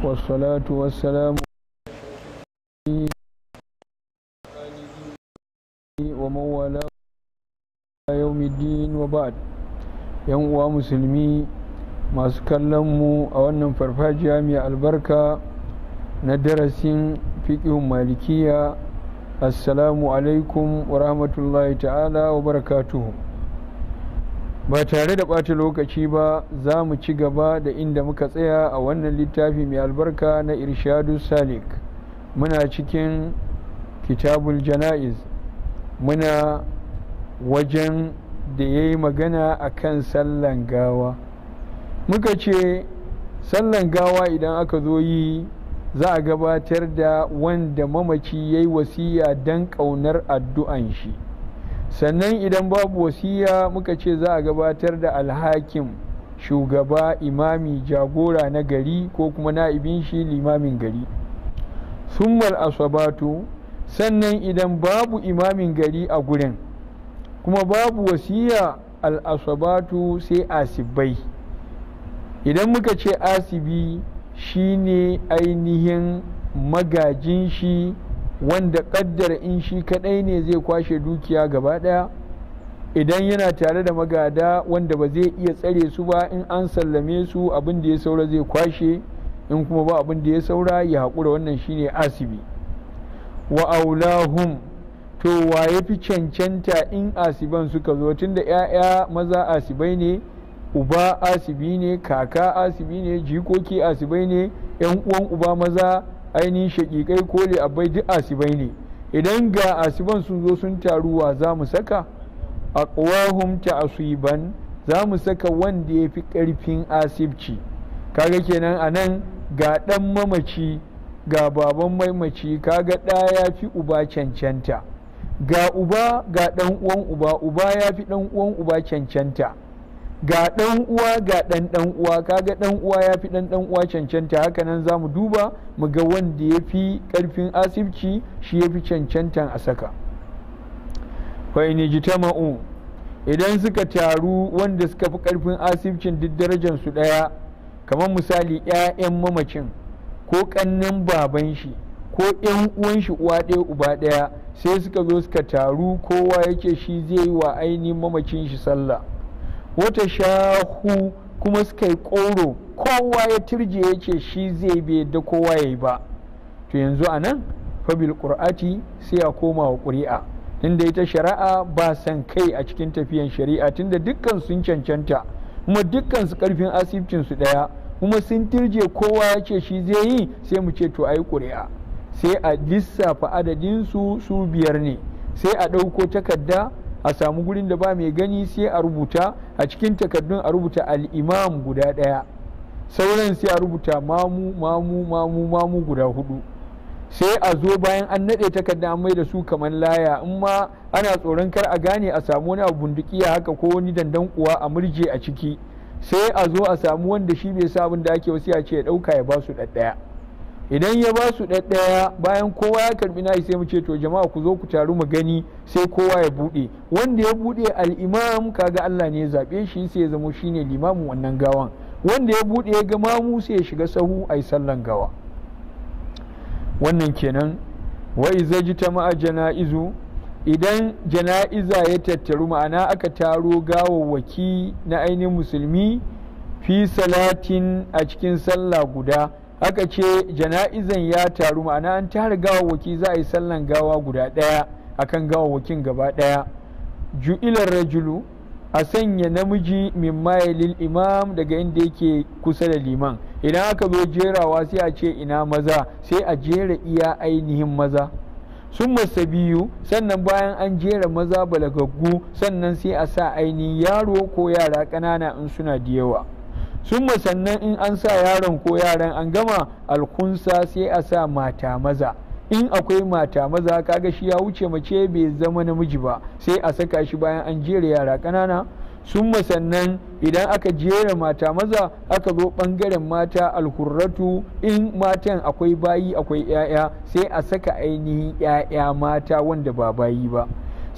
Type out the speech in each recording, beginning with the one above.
والصلاة والسلام ومن يوم الدين وبعد yan uwa musulmi masu kallon mu a wannan farfajiya mai albarka na darasin fiƙihun malikiya assalamu alaikum wa ta'ala wa barakatuhu ba tare da ɓata lokaci ba za mu ci gaba da inda muka tsaya a wannan littafi mai albarka na irshadu salik muna cikin kitabul jana'iz muna wajen da ya yi magana a kan sallan gawa muka ce sallan gawa idan aka zo yi za a gabatar da wanda mamaci ya yi wasiya don ƙaunar addu'an shi sannan idan babu wasiya muka ce za a gabatar da alhakim shugaba imami jagora na gari ko kuma na'ibin shi limamin gari summal asabatu sannan idan babu imamin gari a gurin kuma babu wasiya al'asabatu sai asibai idan muka ce asibi shine ainihin magajin shi wanda kaddara in shi kadai ne zai kwashe dukiya gaba daya idan yana tare da magada wanda ba zai iya tsare su ba in an sallame su abin da ya saura zai kwashe in kuma ba abin da ya saura ya haƙura wannan shine asibi wa aulahum to wa ya fi cancanta in asiban suka zo tunda 'ya'ya maza asibai ne uba asibi ne kaka asibi ne jikoki asibai ne 'yan uwan uba maza ainihin shaƙiƙai ko abai duk asibai ne idan ga asiban sun zo sun taruwa za mu saka a ƙwahum ban za mu saka wanda ya fi ƙarfin asibci kaga kenan a nan ga ɗan mamaci ga baban maimaci kaga ɗa ya fi uba cancanta ga uba ga ɗan uwan uba uba ya fi ɗan uwan uba cancanta ga ɗan uwa ga ɗan ɗan uwa kaga ɗan uwa ya fi ɗan ɗan uwa cancanta haka nan za mu duba mu ga wanda ya fi ƙarfin asibci shi ya fi cancantan a saka fa'inijitama'u idan suka taru wanda suka fi ƙarfin asibcin duk darajar su ɗaya kamar misali 'ya'yan mamacin ko ƙannin baban shi ko 'yan uwan shi uwa ɗaya uba ɗaya sai suka zo suka taru kowa yake shi zai yi wa ainihin mamacin shi sallah wata shahu kuma suka yi ƙoro kowa ya turje ya ce shi zai bai yadda kowa ya yi ba to yanzu a nan fabil ƙur'ati sai a koma wa ƙuri'a inda ita shari'a ba san kai a cikin tafiyan shari'a tunda dukkan sun cancanta kuma dukkan su ƙarfin asibcin su ɗaya kuma sun turje kowa ya ce shi zai yi sai mu ce to a yi ƙuri'a sai a lissafa adadinsu su su biyar ne sai a ɗauko takarda a samu gurin da ba mai gani sai a rubuta a cikin takardun a rubuta al'imam guda ɗaya sauran sai a rubuta mamu mamu mamu mamu guda hudu sai a zo bayan an naɗe takarda an mai da su kamar laya in ma ana tsoron kar a gane a samu wani abu bundukiya haka ko wani dandan kuwa a murje a ciki sai a zo a samu wanda shi bai sa abin da ake wasu ya ce ya ɗauka ya ba su ɗaɗɗaya idan ya ba su ɗaya bayan kowa ya karbi nashi sai mu ce to jama'a ku zo ku taru mu gani sai kowa ya buɗe wanda ya buɗe al'imam kaga Allah ne ya zaɓe shi sai ya zamo shine limamin wannan gawan wanda ya buɗe ya gama mamu sai ya shiga sahu yi sallan gawa wannan kenan ji ta jitama janaizu idan jana'iza ya tattaru ma'ana aka taro gawawwaki na ainihin musulmi fi salatin a cikin sallah guda aka ce jana'izan ya taru ma'ana an tara gawawwaki za a yi sallan gawa guda ɗaya akan gawawwakin gaba ɗaya ju'ilar rajulu a sanya namiji min mayalil imam daga inda yake kusa da liman idan aka zo jerawa sai a ce ina maza sai a jera iya ainihin maza sun biyu sannan bayan an jera maza balagaggu sannan sai a sa ainihin yaro ko yara ƙanana in suna da yawa sun sannan in an sa yaron ko yaran an gama alkunsa sai a sa mata maza in akwai mata maza kaga shi ya wuce mace bai zama namiji ba sai a saka shi bayan an jera yara kanana sun sannan idan aka jera mata maza aka zo bangaren mata alkurratu in matan akwai bayi akwai 'ya'ya sai a saka ainihin 'ya'ya mata wanda ba bayi ba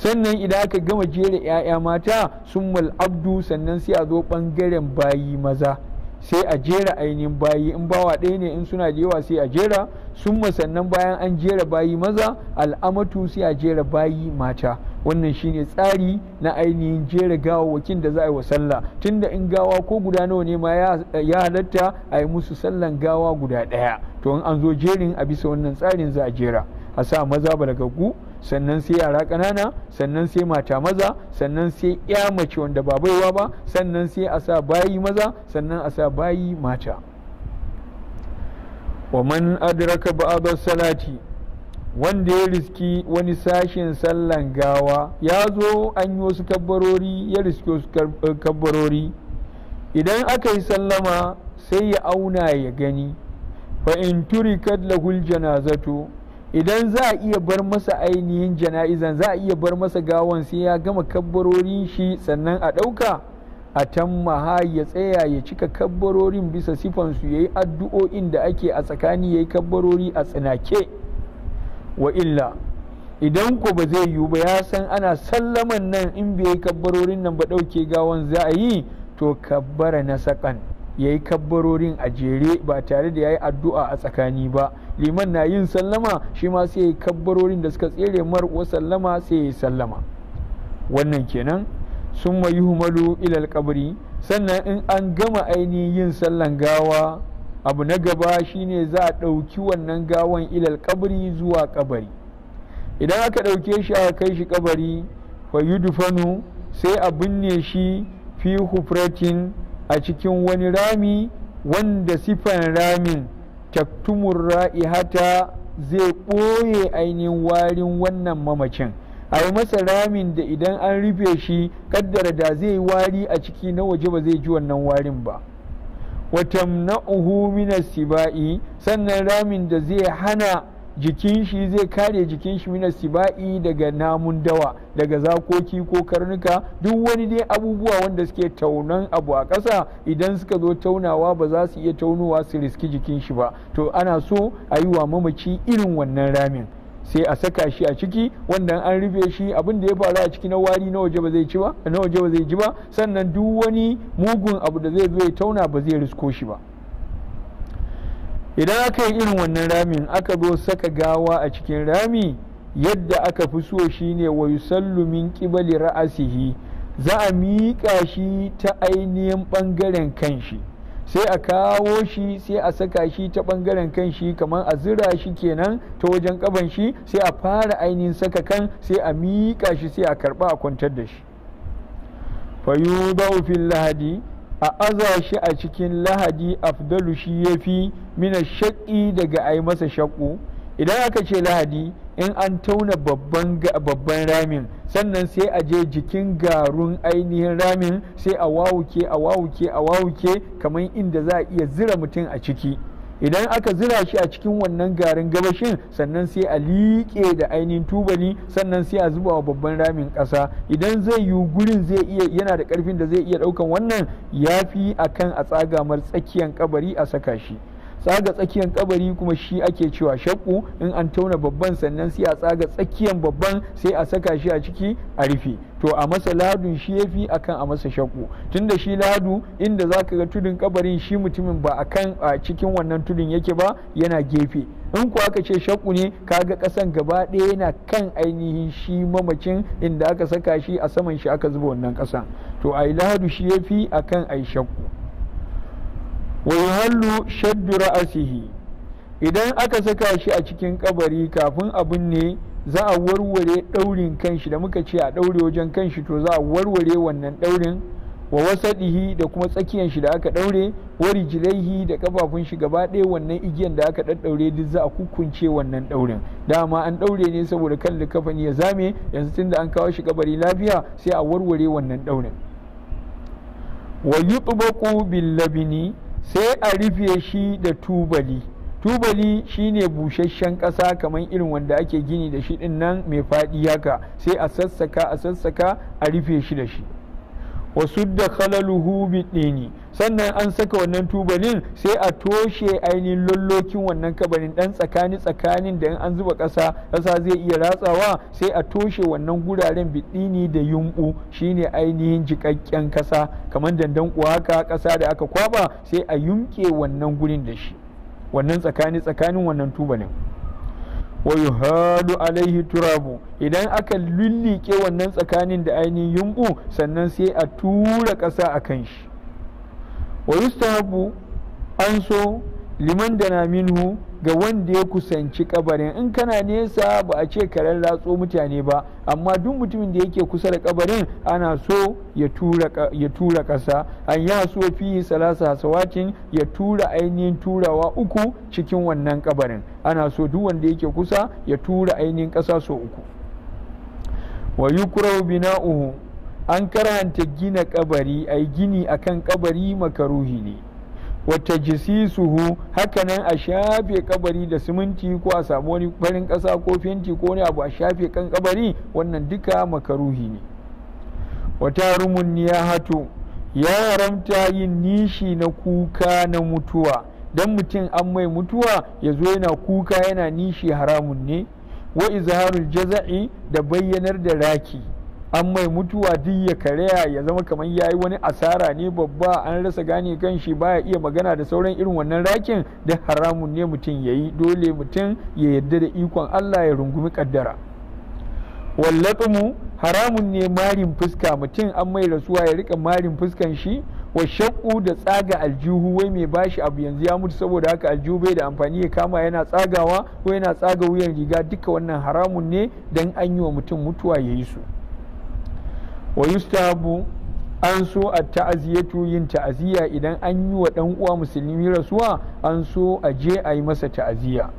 sannan idan aka gama jera 'ya'ya mata sun abdu sannan sai a zo bangaren bayi maza sai a jera ainihin bayi in bawa ɗaya ne in suna da yawa sai a jera sun sannan bayan an jera bayi maza al'amatu sai a jera bayi mata wannan shine tsari na ainihin jera gawawakin da za a yi wa sallah tunda in gawa ko guda nawa ne ma ya halatta a yi musu sallan gawa guda ɗaya to in an zo jerin a bisa wannan tsarin za a jera a sa maza balagaggu sannan sai yara ƙanana sannan sai mata maza sannan sai ya mace wanda ba baiwa ba sannan sai a sa bayi maza sannan a sa bayi mata wa man adraka ba'd salati wanda ya riski wani sashen sallan gawa ya zo an yi wasu kabbarori ya riski wasu eh, kabbarori idan aka yi sallama sai ya auna ya gani fa in turikat lahul janazato idan za a iya bar masa ainihin jana'izan za a iya bar masa gawan sai ya gama kabbarorin shi sannan a ɗauka a tammaha ya tsaya ya cika kabbarorin bisa sifansu ya yi addu'o'in da ake a tsakani ya yi kabbarori a tsinake wa illa idan ku ba zai yiwu ba ya san ana sallaman nan in bai yi kabbarorin nan ba ɗauke gawan za a yi to kabbara na saƙan ya yi kabbarorin a jere ba tare da ya yi addu'a a tsakani ba liman na yin sallama shi ma sai yi kabbarorin da suka tsere mar wa sallama sai ya sallama wannan kenan sun ma humalu ilal kabri sannan in an gama ainihin yin sallan gawa abu na gaba shine za a ɗauki wannan gawan ilal kabri zuwa kabari idan aka ɗauke shi aka kai shi kabari fa yudfanu sai a binne shi fi hufratin a cikin wani rami wanda sifan ramin taktumur hata zai ɓoye ainihin warin wannan mamacin a masa ramin da idan an rufe shi kaddara da zai wari a ciki na waje ba zai ji wannan warin ba watamna'uhu minas siba'i sannan ramin da zai hana jikin shi zai kare jikin shi mina siba'i daga namun dawa daga zakoki ko karnuka duk wani dai abubuwa wanda suke taunan abu a ƙasa idan suka zo taunawa ba za su iya taunowa su riski jikin shi ba to ana so a yi wa mamaci irin wannan ramin sai a saka shi a ciki wanda an rufe shi abin da ya faru a ciki na wari na waje ba zai ci ba zai ji ba sannan duk wani mugun abu da zai zo ya tauna ba zai risko shi ba idan aka yi irin wannan ramin aka zo saka gawa a cikin rami yadda aka fi so shine wa yusallu min kibali ra'asihi za a miƙa shi ta ainihin ɓangaren kanshi sai a kawo shi sai a saka shi ta ɓangaren kanshi kamar a zira shi kenan ta wajen ƙaban shi sai a fara ainihin saka kan sai a miƙa shi sai a karɓa a kwantar da shi fayu fil lahadi a aza shi a cikin lahadi afdalu shi ya fi mina shaƙi daga a yi masa shakku idan aka ce lahadi in an tauna babban ramin sannan sai a je jikin garun ainihin ramin sai a wawuke a wawuke a wawuke kamar inda za a iya zira mutum a ciki idan aka zira shi a cikin wannan garin gabashin sannan sai a liƙe da ainihin tubali sannan sai a zuba wa babban ramin ƙasa idan zai yi gurin zai yana da ƙarfin da zai iya ɗaukan wannan ya fi a kan a tsagamar tsakiyar kabari a saka shi tsaga tsakiyan kabari kuma shi ake cewa shakku in an tauna babban sannan sai a tsaga tsakiyan babban sai a saka shi a ciki a rufe to a masa ladun shi yafi akan a masa shakku tunda shi ladu inda zaka ga tudun kabarin shi mutumin ba akan a cikin wannan tudun yake ba yana gefe in ku aka ce shakku ne kaga kasan gaba ɗaya yana kan ainihin shi mamacin inda aka saka shi a saman shi aka zuba wannan kasan to a ladu shi yafi akan ai shakku wa hallu shaddu ra'asihi idan aka saka shi a cikin kabari kafin abin ne za a warware daurin kanshi da muka ce a daure wajen kanshi to za a warware wannan daurin wa wasadihi da kuma tsakiyar shi da aka daure wa rijilaihi da kafafun shi gaba ɗaya wannan igiyan da aka daddaure duk za a kukunce wannan daurin dama an daure ne saboda kan likafani ya zame yanzu tun da an kawo shi kabari lafiya sai a warware wannan daurin wa yutbaqu bil labini sai a rufe shi da tubali tubali shine busasshen ƙasa kamar irin wanda ake gini da shi din nan mai faɗi haka sai a sassaka a sassaka a rufe shi da shi wasu da khalaluhu ɗini sannan an saka wannan tubalin sai a toshe ainihin lullokin wannan kabarin dan tsakani tsakanin da an zuba ƙasa ƙasa zai iya ratsawa sai a toshe wannan guraren biɗini da yumɓu shine ainihin jiƙaƙƙen ƙasa kamar dandan kuwa haka ƙasa da aka kwaba sai a yunke wannan gurin da shi wannan tsakani tsakanin wannan tubalin wa yuhadu alaihi turabu idan aka lullike wannan tsakanin da ainihin yumɓu sannan sai a tura ƙasa a kan shi wa yustahabu an so liman minhu ga wanda ya kusanci kabarin in kana nesa ba a ce karen ratso mutane ba amma duk mutumin da yake kusa da kabarin ana so ya tura kasa an ya so fi salasa hasawacin ya tura ainihin turawa uku cikin wannan kabarin ana so duk wanda yake kusa ya tura ainihin kasa so uku wa yukrahu bina'uhu an karanta gina kabari ai gini akan kabari makaruhi ne wata jisisuhu hakanan a shafe kabari da siminti ko a samu wani farin kasa ko fenti ko wani abu a shafe kan kabari wannan duka makaruhi ne wata rumun hato ya haramta yin nishi na kuka na mutuwa don mutum an mai mutuwa ya zo yana kuka yana nishi haramun ne wa izharul jaza'i da bayyanar da raki an mai mutuwa duk ya karya ya zama kamar ya yi wani asara ne babba an rasa gane kan shi baya iya magana da sauran irin wannan rakin da haramun ne mutum ya yi dole mutum ya yarda da ikon Allah ya rungumi kaddara wallaɓinmu haramun ne marin fuska mutum an mai rasuwa ya rika marin fuskan shi wa shakku da tsaga aljihu wai mai bashi abu yanzu ya mutu saboda haka aljihu bai da amfani ya kama yana tsagawa ko yana tsaga wuyan riga duka wannan haramun ne dan an yi wa mutum mutuwa ya yi su wa yustahabu an so a ta'aziyatu yin ta'aziyya idan an yi wa dan uwa musulmi rasuwa an so a je a yi masa ta'aziyya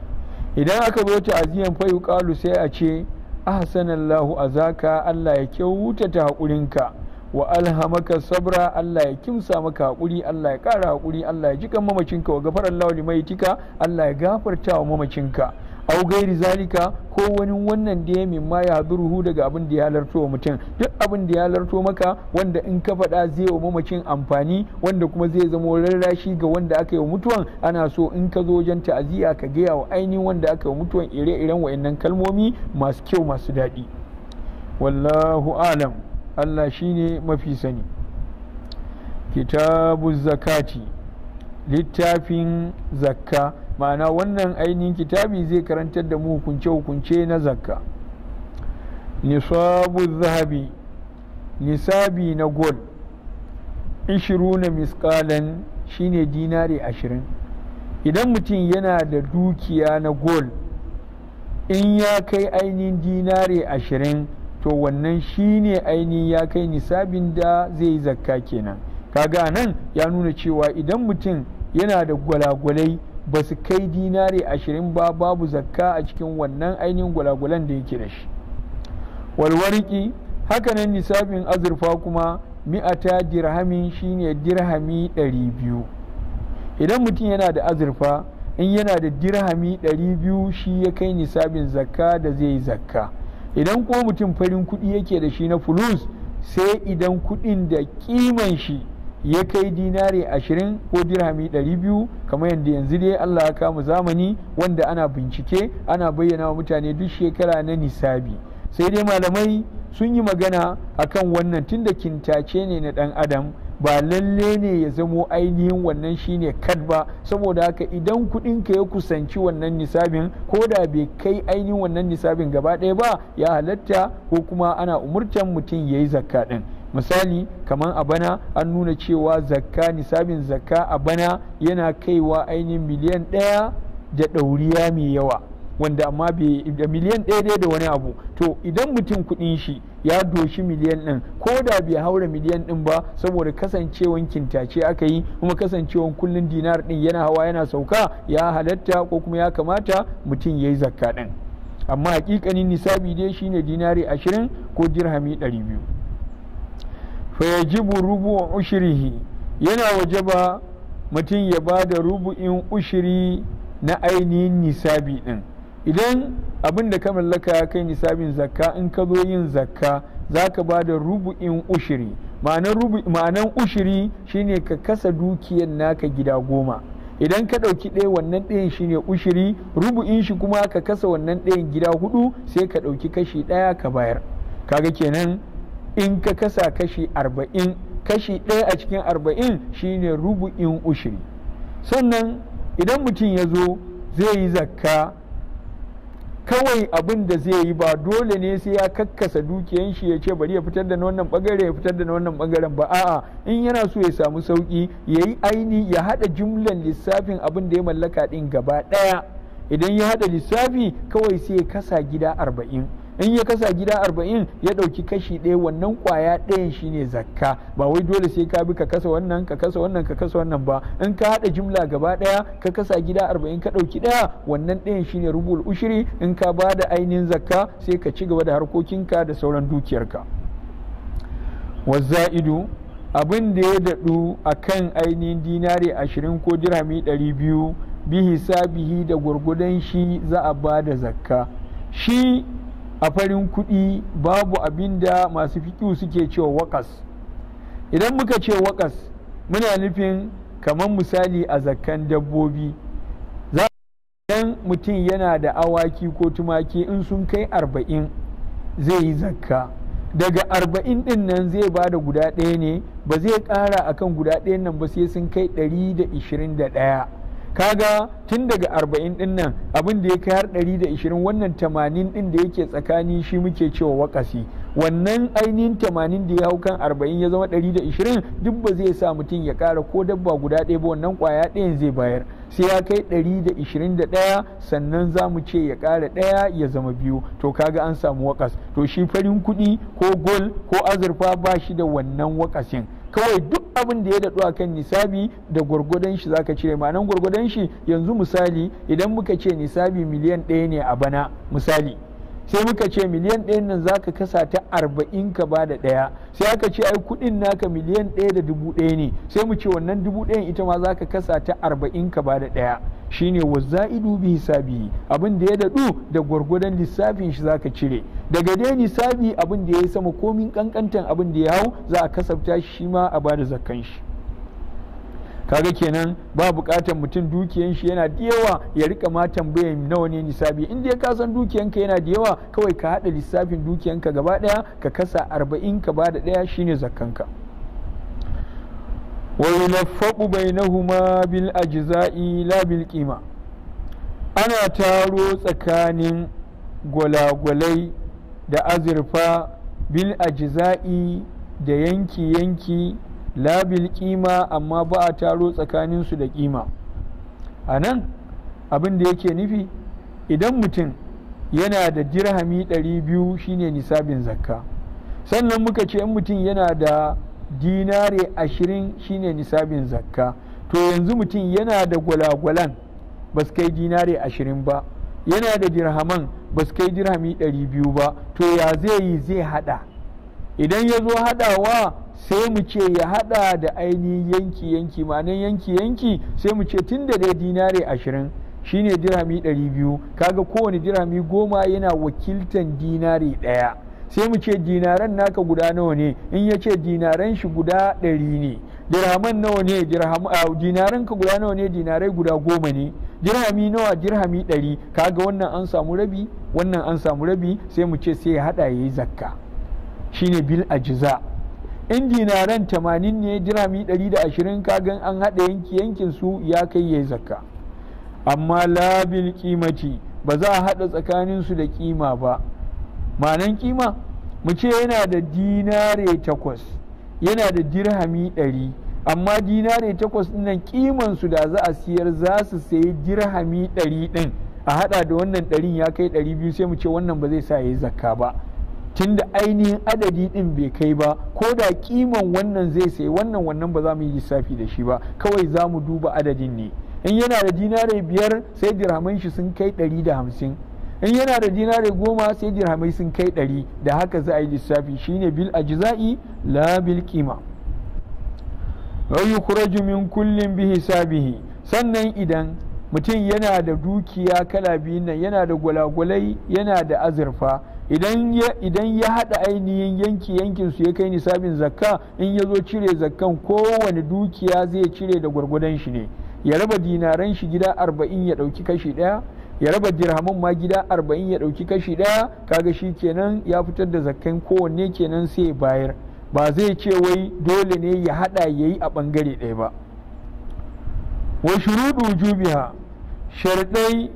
idan aka zo ta'aziyan fa yuqalu sai a ce ahsanallahu azaka Allah ya ta hakurinka wa alhamaka sabra Allah ya kimsa maka haƙuri Allah ya ƙara hakuri Allah ya jikan mamacinka wa gafarallahu limaitika Allah ya gafarta wa mamacinka au gairi zalika ko wani wannan da ya mimma ya haduruhu daga abin da ya larto wa mutum duk abin da ya larto maka wanda in ka faɗa zai wa mamacin amfani wanda kuma zai zama rarrashi ga wanda aka yi wa mutuwan ana so in ka zo wajen ta'aziyya ka gaya wa ainihin wanda aka yi wa mutuwan ire-iren wa'annan kalmomi masu kyau masu daɗi wallahu alam Allah shine mafi sani kitabu zakati littafin zakka ma'ana wannan ainihin kitabi zai karantar da mu hukunce-hukunce na zakka nisabu zahabi nisabi na gold na miskalan shine dinari ashirin idan mutum yana da dukiya na gold in ya kai ainihin dinari ashirin to wannan shine ainihin ya kai nisabin da zai yi zakka kenan kaga nan ya nuna cewa idan mutum yana da gwalagwalai ba su kai dinari ashirin ba babu zakka a cikin wannan ainihin gwalagwalan da yake da shi walwariki hakanan nisabin azurfa kuma mi'ata dirhamin shine dirhami ɗari biyu idan mutum yana da azurfa in yana da dirhami ɗari biyu shi ya kai nisabin zakka da zai yi zakka idan kuma mutum farin kuɗi yake da shi na fulus sai idan kuɗin da kiman shi ya kai dinari ashirin ko dirhami ɗari biyu kamar yadda yanzu dai Allah ya kama zamani wanda ana bincike ana bayyana wa mutane duk shekara na nisabi sai dai malamai sun yi magana akan wannan tunda kintace ne na ɗan adam ba lalle ne ya zamo ainihin wannan shine kad ba saboda haka idan kuɗinka ya kusanci wannan nisabin ko da bai kai ainihin wannan nisabin gaba ɗaya ba ya halatta ko kuma ana umurtan mutum ya yi zakka ɗin misali kamar a bana an nuna cewa zakka nisabin zakka a bana yana kaiwa ainihin miliyan ɗaya da ɗauriya mai yawa wanda amma da miliyan ɗaya da wani abu to idan mutum kuɗin shi ya doshi miliyan ɗin ko da bai haura miliyan ɗin ba saboda kasancewan kintace aka yi kuma kasancewan kullun dinar ɗin yana hawa yana sauka ya halatta ko kuma ya kamata mutum ya yi zakka ɗin amma hakikanin nisabi dai shine dinari ashirin ko dirhami ɗari biyu fayajibu yajibu rubu'un ushirihi yana wajaba mutum ya ba da rubu'in ushiri na ainihin nisabi din idan abin da ka mallaka kai nisabin zakka in ka zo yin zakka zaka ba da rubu'in ushiri ma'anan ushiri shine ka kasa dukiyar naka gida goma idan ka ɗauki ɗaya wannan ɗayan shine ushiri rubu'in shi kuma ka kasa wannan ɗayan gida hudu sai ka ɗauki kashi ɗaya ka bayar kaga kenan in ka kasa kashi arba'in kashi ɗaya a cikin arba'in shine rubu'in ushiri sannan idan mutum ya zo zai yi zakka kawai abin da zai yi ba dole ne sai ya kakkasa dukiyan shi ya ce bari ya fitar da na wannan bagare ya fitar da na wannan bagaren ba a'a in yana so ya samu sauki ya yi aini ya hada jumlan lissafin abin da ya mallaka din gaba daya idan ya hada lissafi kawai sai ya kasa gida arba'in in ya kasa gida arba'in ya ɗauki kashi ɗaya wannan ƙwaya ɗayan shine zakka ba wai dole sai ka bi ka kasa wannan ka kasa wannan ka kasa wannan ba in ka haɗa jimla gaba ɗaya ka kasa gida arba'in ka ɗauki ɗaya wannan ɗayan shine rubul ushiri in ka ba da ainihin zakka sai ka ci gaba da harkokinka da sauran dukiyarka wazza'idu abin da ya daɗu a kan ainihin dinari ashirin ko dirhami ɗari biyu bi hisabihi da gwargwadon shi za a ba da zakka shi a farin kuɗi babu abin da masu fiƙi suke cewa wakas idan muka ce wakas muna nufin kamar misali a zakkan dabbobi za idan mutum yana da awaki ko tumaki in sun kai arba'in zai yi zakka daga arba'in ɗin nan zai ba da guda ɗaya ne ba zai ƙara akan guda ɗayan nan ba sai sun kai ɗari da ishirin da ɗaya kaga tun daga arba'in din nan abin da ya kai har ɗari da wannan tamanin din da yake tsakani shi muke cewa wakasi wannan ainihin tamanin da ya hau kan arba'in ya zama ɗari duk ba zai sa mutum ya ƙara ko dabba guda ɗaya ba wannan kwaya ɗayan zai bayar sai ya kai ɗari da ishirin da ɗaya sannan za mu ce ya kara ɗaya ya zama biyu to kaga an samu wakas to shi farin kuɗi ko gol ko azurfa ba shi da wannan wakasin kawai duk abin da ya daɗu a kan nisabi da gwargwadon shi zaka cire ma'anan gwargwadon shi yanzu misali idan muka ce nisabi miliyan ɗaya ne a bana misali sai muka ce miliyan ɗayan nan za ka kasa ta arba'in ka ba da ɗaya sai aka ce ai kuɗin naka miliyan ɗaya da dubu ɗaya ne sai mu ce wannan dubu ɗayan ita ma za ka kasa ta arba'in ka ba da ɗaya shine wa idu bi hisabi abin da ya daɗu da gwargwadon lissafin shi za ka cire daga dai lissafi abin da ya yi sama komin ƙanƙantan abin da ya hau za a kasafta shi ma a ba da zakkan shi kaga kenan ba bukatar mutum dukiyan shi yana da yawa ya rika ma tambaya nawa ne nisabi in dai ka san dukiyanka yana da yawa kawai ka hada lissafin dukiyanka gaba daya ka kasa arba'in ka bada daya shine zakkanka wa na bainahuma bil ajza'i la bil qima ana taro tsakanin gwalagwalai da azurfa bil ajza'i da yanki yanki labil kima amma ba a taro tsakaninsu da kima a nan abin da yake nufi idan mutum yana da dirhami 200 shine nisabin zakka sannan muka ce mutum yana da dinare 20 shine nisabin zakka to yanzu mutum yana da gwalagwalan ba su kai dinare 20 ba yana da dirhaman ba su kai dirhami 200 ba to ya zai yi zai hada idan ya zo hadawa sai mu ce ya hada da ainihin yanki yanki ma'anin yanki yanki sai mu ce tun da dai dinare ashirin shine dirhami ɗari biyu kaga kowane dirhami goma yana wakiltan dinari ɗaya sai mu ce dinaran naka guda nawa ne in ya ce dinaran shi guda ɗari ne dirhaman nawa ne ah, dinaran ka guda nawa ne dinarai guda goma ne dirhami nawa dirhami ɗari kaga wannan an samu rabi wannan an samu rabi sai mu ce sai ya haɗa ya yi zakka shine bil ajiza in dinaran tamanin ne dirami ɗari da ashirin kagan an haɗa yanki yankin su ya kai ya zakka amma labil kimati ba za a haɗa tsakanin su da kima ba ma'anan kima mu ce yana da dinare takwas yana da dirhami ɗari amma dinare takwas ɗinnan kiman su da za a siyar za su sayi dirhami ɗari ɗin a haɗa da wannan ɗarin ya kai ɗari biyu sai mu ce wannan ba zai sa ya zakka ba tun da ainihin adadi din bai kai ba ko da kiman wannan zai sai wannan wannan ba za mu yi lissafi da shi ba kawai za mu duba adadin ne in yana da dinare biyar sai dirhamai shi sun kai ɗari da hamsin in yana da dinare goma sai dirhamai sun kai ɗari da haka za a yi lissafi shine bil ajza'i la bil kima min kullin bi hisabihi sannan idan mutum yana da dukiya kala biyu nan yana da gwalagwalai yana da azurfa idan ya haɗa ainihin yanki yankin su ya kai nisabin zakka in ya zo cire zakkan kowane dukiya zai cire da gwargwadon shi ne ya raba dinaran shi gida arba'in ya ɗauki kashi ɗaya ya raba dirhamun ma gida arba'in ya ɗauki kashi ɗaya kaga shi kenan ya fitar da zakkan kowanne kenan sai bayar ba zai ce wai dole ne ya haɗa ya yi a ɓangare ɗaya ba wa shuruɗu jubiha sharɗai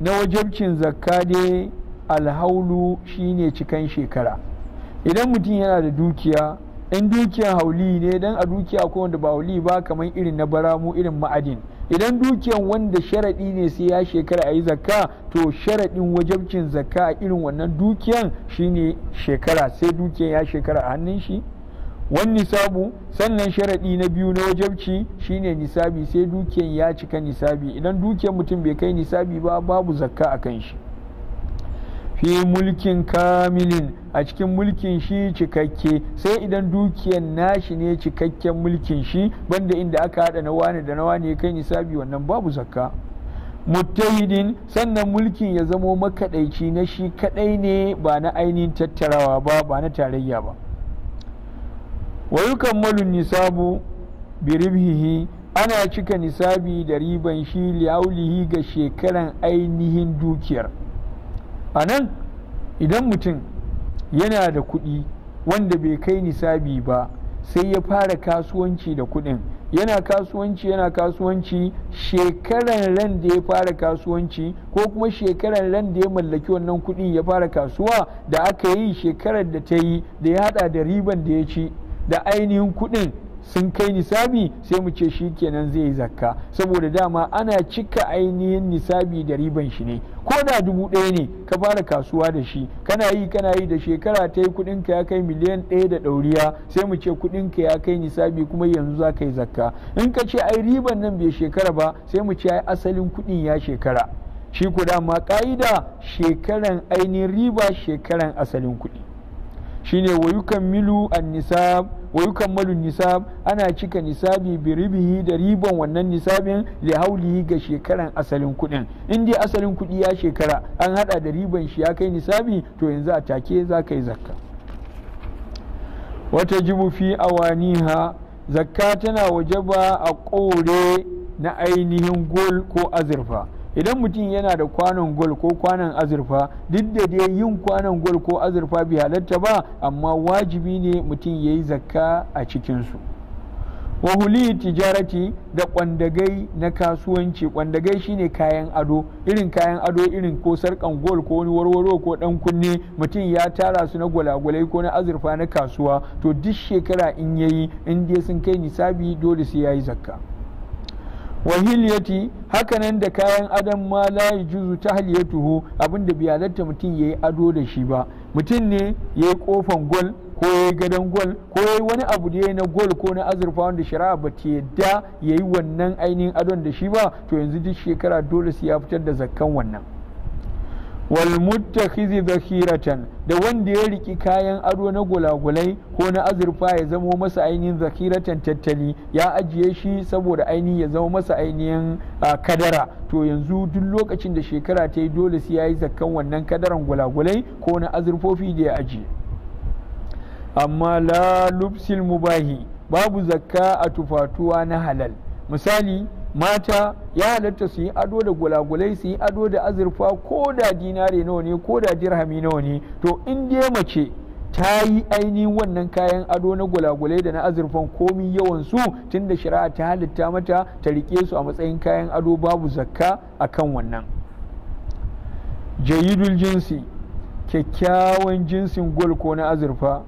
na wajabcin zakka dai alhaulu shine cikan shekara idan mutum yana da dukiya in dukiya hauli ne dan a dukiya ko wanda ba hauli ba kamar irin na baramu irin ma'adin idan dukiyan wanda sharaɗi ne sai ya shekara ayi yi zakka to sharaɗin wajabcin zakka a irin wannan dukiyan shine shekara sai dukiyan ya shekara a hannun shi wani nisabu sannan sharaɗi na biyu na wajabci shine nisabi sai dukiyan ya cika nisabi idan dukiyan mutum bai kai nisabi ba babu zakka a kan shi fi mulkin kamilin a cikin mulkin shi cikakke sai idan dukiyan nashi ne cikakken mulkin shi banda inda aka hada na wani da na wani kai nisabi wannan babu zakka muttahidin sannan mulkin ya zamo makaɗaici na shi kaɗai ne ba na ainihin tattarawa ba ba na tarayya ba wayukan malun nisabu bi ana cika nisabi da riban shi liyaulihi ga shekaran ainihin dukiyar a nan idan mutum yana da kuɗi wanda bai kai nisabi ba sai ya fara kasuwanci da kuɗin yana kasuwanci yana kasuwanci shekaran ran da ya fara kasuwanci ko kuma shekaran ran da ya mallaki wannan kuɗin ya fara kasuwa da aka yi shekarar da ta yi da ya hada da riban da ya ci da ainihin kuɗin sun kai nisabi sai mu ce shi kenan zai yi zakka saboda dama ana cika ainihin nisabi da riban shi ne ko da dubu ɗaya ne ka fara kasuwa da shi kana yi kana yi da shekara ta yi kuɗin ya kai miliyan ɗaya da ɗauriya sai mu ce kuɗin ya kai nisabi kuma yanzu za ka yi zakka in ka ce ai riban nan bai shekara ba sai mu ce ai asalin kuɗin ya shekara shi ku dama ƙa'ida shekaran ainihin riba shekaran asalin kuɗi shine wayukan milu an nisab wa yukammalu nisab ana cika nisabi bi ribihi da riban wannan nisabin li ga shekaran asalin kuɗin in dai asalin kuɗi ya shekara an hada da riban shi ya kai nisabi to yanzu a take za ka yi zakka wata jibu fi awaniha zakka tana wajaba a kore na ainihin gol ko azurfa idan mutum yana da kwanon gol ko kwanon azurfa duk da dai yin kwanon gol ko azurfa bai halatta ba amma wajibi ne mutum ya yi zakka a cikinsu wahuli tijarati da kwandagai na kasuwanci kwandagai shine kayan ado irin kayan ado irin ko sarkan gol ko wani warwaro ko dan kunne mutum ya tara su na gwalagwalai ko na azurfa na kasuwa to duk shekara in yayi in dai sun kai nisabi dole sai yayi zakka wa hakanan da kayan adam ma la yujuzu tahliyatuhu abinda bai halatta mutum yayi ado da shi ba mutum ne yayi kofan gol ko yayi gadon gol ko yayi wani abu da yayi na gol ko na azurfa wanda shari'a ba ta yadda yayi wannan ainihin adon da shi ba to yanzu duk shekara dole sai ya fitar da zakkan wannan wal zakhiratan da wanda ya riki kayan ado na gulagulai ko na azurfa ya zama masa ainihin zakiratan tattali ya ajiye shi saboda ainihin ya zama masa ainihin kadara to yanzu duk lokacin da shekara ta yi dole sai ya yi zakkan wannan kadaran gulagulai ko na azurfofi da ya ajiye amma la lubsil mubahi babu zakka a tufatuwa na halal misali mata ya halatta su yi ado da gulagulai su yi ado da azurfa ko da dinare nawa ne ko da dirhami nawa ne to in dai mace ta yi ainihin wannan kayan ado na gulagulai da na azurfan komi yawan su tun da shari'a ta halitta mata ta rike su a matsayin kayan ado babu zakka a kan wannan jayidul jinsi kyakkyawan jinsin gol ko na azurfa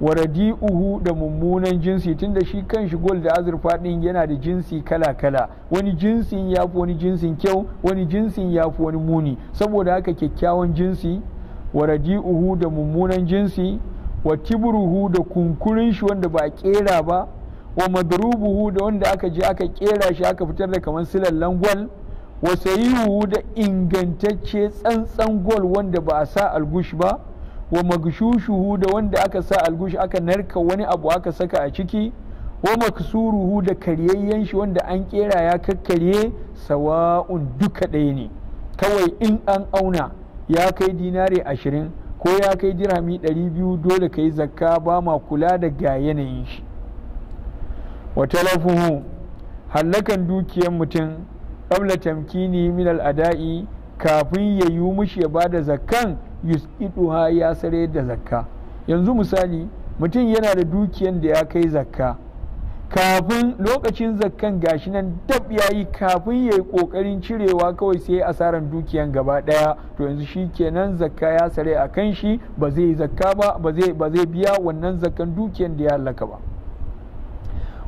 wa uhu da mummunan jinsi tunda shi kan shi gol da azurfa din yana da jinsi kala-kala wani jinsin ya fi wani jinsin kyau wani jinsin ya fi wani muni saboda haka kyakkyawan jinsi wa uhu da mummunan jinsi wa tiburuhu da kunkurin shi wanda ba a kera ba wa madrubuhu da wanda aka je aka kera shi aka fitar da kamar silallan gwal wa sayihu da ingantacce tsantsan gwal wanda ba a sa algush ba wa magshushuhu da wanda aka sa algush aka narka wani abu aka saka a ciki wa maksuruhu da karyayyen shi wanda an kera ya kakkarye sawa'un duka ɗaya ne kawai in an auna ya kai dinare ashirin ko ya kai dirhami ɗari biyu dole ka yi zakka ba ma kula da ga yanayin shi wa talafuhu hallakan dukiyar mutum ƙabla tamkini min al'ada'i kafin ya yi mushi ya ba da zakkan yusqiduha ya sare da zakka yanzu misali mutum yana da dukiyan da ya kai zakka kafin lokacin zakkan gashi nan dab yayi kafin ya yi kokarin cirewa kawai sai ya asaran dukiyan gaba daya to yanzu shi kenan zakka ya sare a kan shi ba zai yi zakka ba ba zai biya wannan zakkan dukiyan da ya laka ba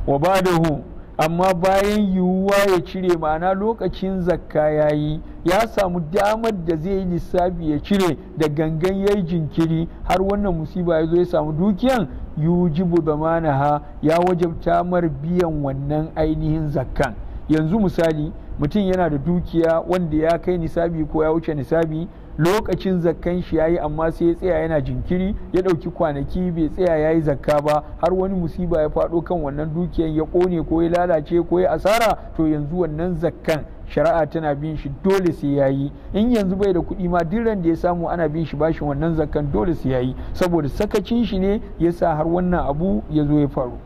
wa badahu amma bayan yiwuwa ya cire ma'ana lokacin zakka ya yi ya samu damar da zai yi lissafi ya cire da gangan ya yi jinkiri har wannan musiba ya zo ya samu dukiyan yujibu manaha ya wajabta mar biyan wannan ainihin zakkan yanzu misali mutum yana da dukiya wanda ya kai nisabi ko ya wuce nisabi lokacin zakkan shi yayi amma sai ya tsaya yana jinkiri ya ɗauki kwanaki bai tsaya yayi zakka ba har wani musiba ya faɗo kan wannan dukiyan ya kone ko ya lalace ko ya asara to yanzu wannan zakkan shari'a tana bin shi dole sai yayi in yanzu bai da kuɗi ma duk da ya samu ana bin shi bashin wannan zakkan dole sai yayi saboda sakacin shi ne yasa har wannan abu ya zo ya faru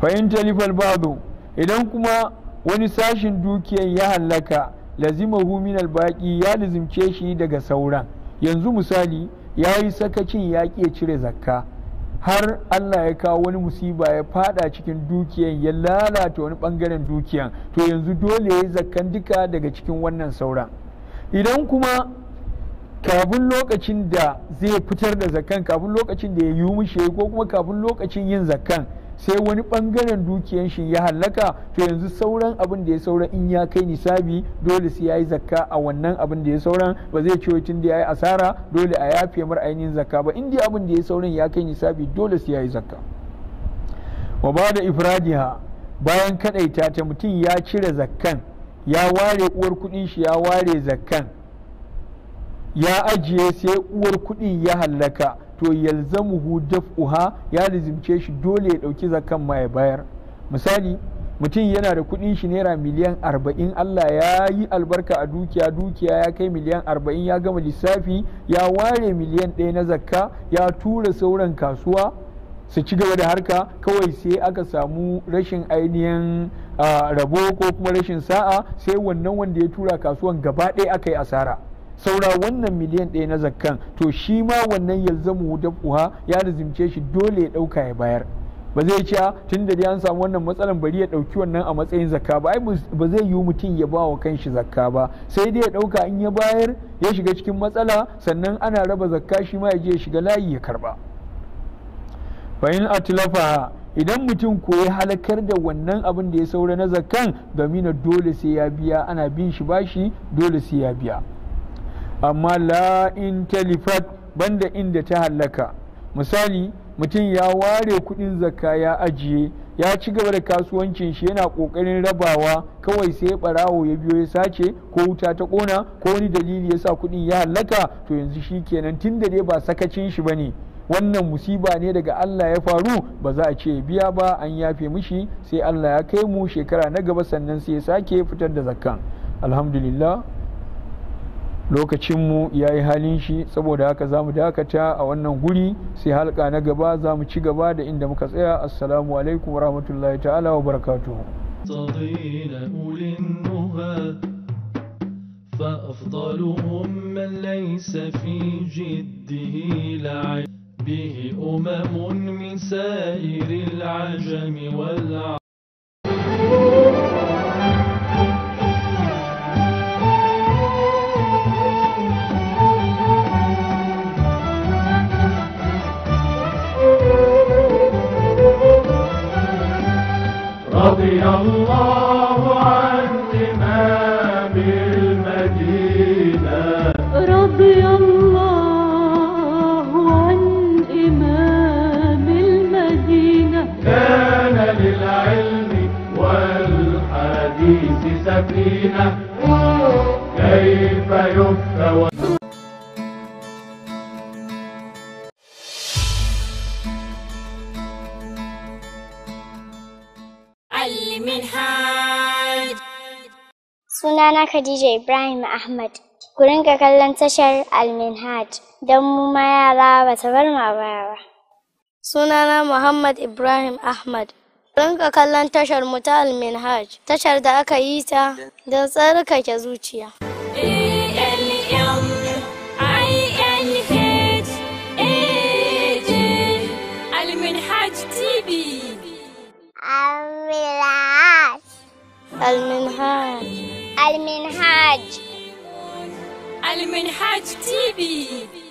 fahimtar talifal ba'du idan kuma wani sashin dukiyan ya hallaka lazimahu min albaki ya lizimce shi daga sauran yanzu misali ya yi sakacin ya cire zakka har Allah ya kawo wani musiba ya fada cikin dukiyan ya lalata wani bangaren dukiyan to yanzu dole ya yi zakkan duka daga cikin wannan sauran idan kuma kafin lokacin da zai fitar da zakkan kafin lokacin da ya yi mushe ko kuma kafin lokacin yin zakkan sai wani bangaren dukiyan shi ya hallaka to yanzu sauran abin da ya sauran in ya kai nisabi dole sai yayi zakka a wannan abin da ya sauran ba zai ce tun da yayi asara dole a yafe mar ainihin zakka ba in abin da ya sauran ya kai nisabi dole sai yayi zakka wa ba da ifradiha bayan kadaita ta mutum ya cire zakkan ya ware uwar kudin shi ya ware zakkan ya ajiye sai uwar kudin ya hallaka to yalzamuhu daf'uha ya lizimce shi dole ya ɗauki zakan ma ya bayar misali mutum yana da kuɗin shi naira miliyan arba'in Allah ya yi albarka a dukiya dukiya ya kai miliyan arba'in ya gama lissafi ya ware miliyan ɗaya na zakka ya tura sauran kasuwa su ci gaba da harka kawai sai aka samu rashin ainihin ah, rabo ko kuma rashin sa'a sai wannan wanda ya tura kasuwan gaba ɗaya aka yi asara saura wannan miliyan ɗaya na zakkan to shi ma wannan da buha ya lazimce shi dole ya ɗauka ya bayar ba zai ce ah, tun da an samu wannan matsalan bari ya ɗauki wannan a matsayin zakka ba ai ba zai yiwu mutum ya ba wa kanshi zakka ba sai dai ya ɗauka in ya bayar ya shiga cikin matsala sannan ana raba zakka shi ma ya je ya shiga layi ya karba fahim in atlafa idan mutum ko ya halakar da wannan abin da ya saura na zakkan domin dole sai ya biya ana bin shi bashi dole sai ya biya amma la'in in talifat banda inda ta hallaka misali mutum ya ware kudin zakka ya ajiye ya ci gaba da kasuwancin shi yana kokarin rabawa kawai sai barawo ya biyo ya sace ko wuta ta kona ko wani dalili ya sa kudin ya hallaka to yanzu shi kenan tun da dai ba sakacin shi bane wannan musiba ne daga Allah ya faru ba za a ce biya ba an yafe mishi sai Allah ya kai mu shekara na gaba sannan sai ya sake fitar da zakkan alhamdulillah lokacinmu ya yi halin shi saboda haka za mu dakata a wannan guri sai halka na gaba za mu ci gaba da inda muka tsaya assalamu alaikum warahmatullahi ta'ala wa barakatuhu فأفضلهم من ليس في جده لعب به أمم من سائر العجم والعرب رضي الله عن إمام المدينة رضي الله عن إمام المدينة كان للعلم والحديث سفينة sunana Khadija Ibrahim Ahmad. Ku rinka kallon tashar Alminhaj don mu ma yara ba su bar baya ba. Sunana Muhammad Ibrahim Ahmad. Ku rinka kallon tashar mu ta Alminhaj, tashar da aka yi ta don tsarkake zuciya. المنهاج المنهاج Al-Minhaj Al-Minhaj TV